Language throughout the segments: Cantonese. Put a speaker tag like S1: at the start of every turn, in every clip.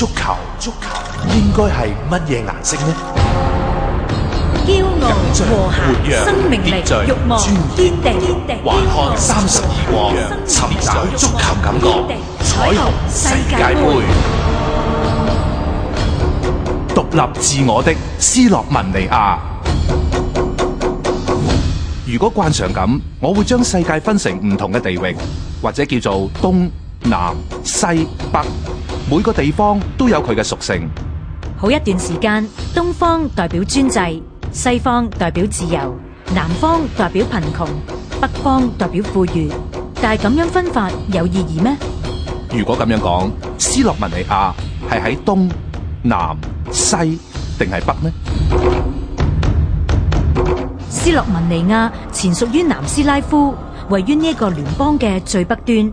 S1: 足球，足球應該係乜嘢顏色呢？
S2: 驕傲、活躍、生命力、欲望、堅定、還看三十二
S1: 國，尋找足球感覺，
S2: 彩虹世界杯，
S1: 獨立自我的斯洛文尼亞。如果慣常咁，我會將世界分成唔同嘅地域，或者叫做東南西北。每個地方都有佢嘅屬性。
S2: 好一段時間，東方代表專制，西方代表自由，南方代表貧窮，北方代表富裕。但係咁樣分法有意義咩？
S1: 如果咁樣講，斯洛文尼亞係喺東、南、西定係北呢？
S2: 斯洛文尼亞前屬於南斯拉夫，位於呢個聯邦嘅最北端。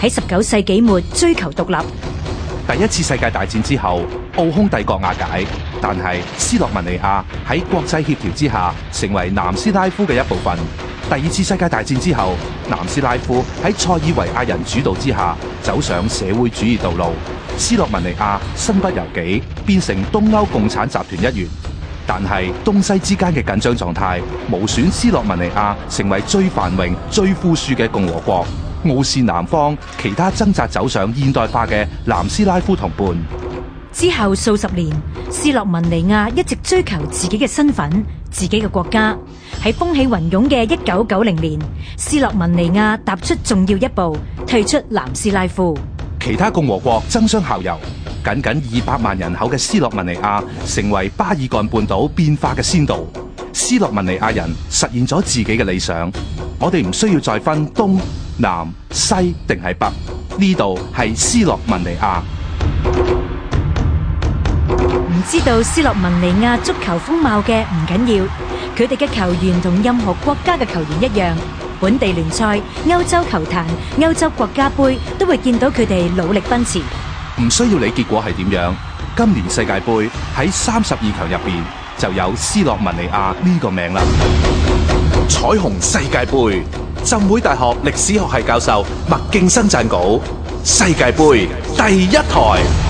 S2: 喺十九世紀末追求獨立。
S1: 第一次世界大戰之後，奧匈帝國瓦解，但係斯洛文尼亞喺國際協調之下，成為南斯拉夫嘅一部分。第二次世界大戰之後，南斯拉夫喺塞爾維亞人主導之下，走上社會主義道路。斯洛文尼亞身不由己，變成東歐共產集團一員。但係東西之間嘅緊張狀態，無損斯洛文尼亞成為最繁榮、最富庶嘅共和國。傲視南方其他掙扎走上現代化嘅南斯拉夫同伴。
S2: 之後數十年，斯洛文尼亞一直追求自己嘅身份、自己嘅國家。喺風起雲湧嘅一九九零年，斯洛文尼亞踏出重要一步，退出南斯拉夫，
S1: 其他共和國爭相效尤。僅僅二百萬人口嘅斯洛文尼亞成為巴爾幹半島變化嘅先導，斯洛文尼亞人實現咗自己嘅理想。我哋唔需要再分東南西定係北，呢度係斯洛文尼
S2: 亞。唔知道斯洛文尼亞足球風貌嘅唔緊要，佢哋嘅球員同任何國家嘅球員一樣，本地聯賽、歐洲球壇、歐洲國家盃都會見到佢哋努力奔馳。
S1: 唔需要理結果係點樣，今年世界杯喺三十二強入邊就有斯洛文尼亞呢個名啦。彩虹世界杯，浸會大學歷史學系教授麥勁生撰稿，世界杯第一台。